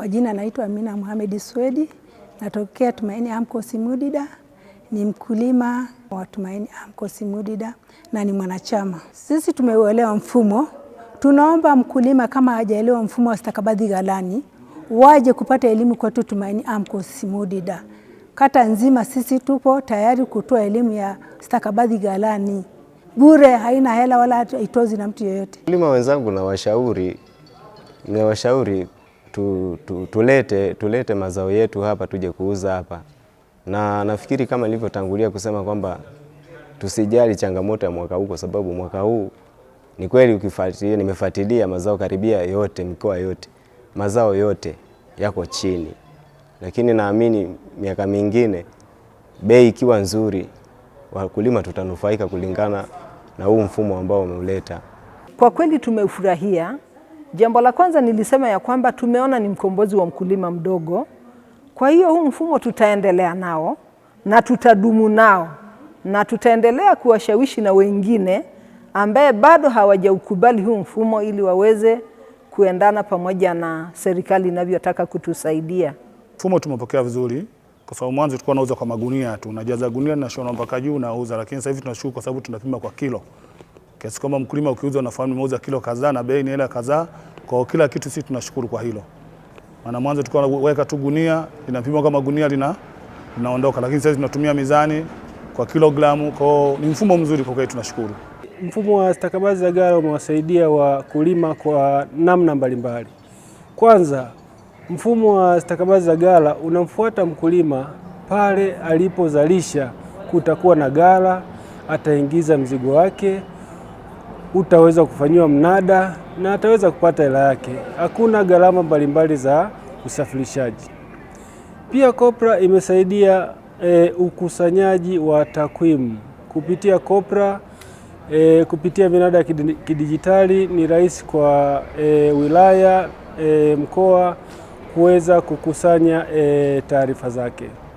Kwa jina naitwa Amina muhamedi Swedi, natokea Tumaini AMCOS Mudida, ni mkulima wa Tumaini AMCOS Mudida na ni mwanachama. Sisi tumeuelewa mfumo, tunaomba mkulima kama hajaelewa mfumo wa stakabadhi ghalani waje kupata elimu kwetu Tumaini AMCOS Mudida. Kata nzima sisi tupo tayari kutoa elimu ya stakabadhi ghalani bure, haina hela wala itozi na mtu yeyote. Mkulima wenzangu na washauri, na washauri tu, tu, tulete, tulete mazao yetu hapa tuje kuuza hapa, na nafikiri kama nilivyotangulia kusema kwamba tusijali changamoto ya mwaka huu, kwa sababu mwaka huu ni kweli ukifuatilia, nimefuatilia mazao karibia yote, mikoa yote, mazao yote yako chini, lakini naamini miaka mingine bei ikiwa nzuri, wakulima tutanufaika kulingana na huu mfumo ambao umeuleta. Kwa kweli tumeufurahia. Jambo la kwanza nilisema ya kwamba tumeona ni mkombozi wa mkulima mdogo. Kwa hiyo huu mfumo tutaendelea nao na tutadumu nao na tutaendelea kuwashawishi na wengine ambaye bado hawajaukubali huu mfumo ili waweze kuendana pamoja na serikali inavyotaka kutusaidia. Mfumo tumepokea vizuri kwa sababu mwanzo tulikuwa tunauza kwa magunia tu, unajaza gunia na shona mpaka juu unauza, lakini sasa hivi tunashukuru kwa sababu tunapima kwa kilo kiasi kwamba mkulima ukiuza, unafahamu nimeuza kilo kadhaa na bei ni hela kadhaa. Kwa kila kitu sisi tunashukuru kwa hilo, maana mwanzo tulikuwa tunaweka tu gunia linapimwa kama gunia lina linaondoka, lakini sasa tunatumia mizani kwa kilogramu. Kwa ni mfumo mzuri kwa kweli, tunashukuru. Mfumo wa stakabadhi za ghala umewasaidia wakulima kwa namna mbalimbali. Kwanza, mfumo wa stakabadhi za ghala unamfuata mkulima pale alipozalisha, kutakuwa na ghala, ataingiza mzigo wake utaweza kufanyiwa mnada na ataweza kupata hela yake. Hakuna gharama mbalimbali za usafirishaji. Pia kopra imesaidia e, ukusanyaji wa takwimu kupitia kopra e, eh, kupitia minada ya kidijitali ni rahisi kwa e, wilaya e, mkoa kuweza kukusanya e, taarifa zake.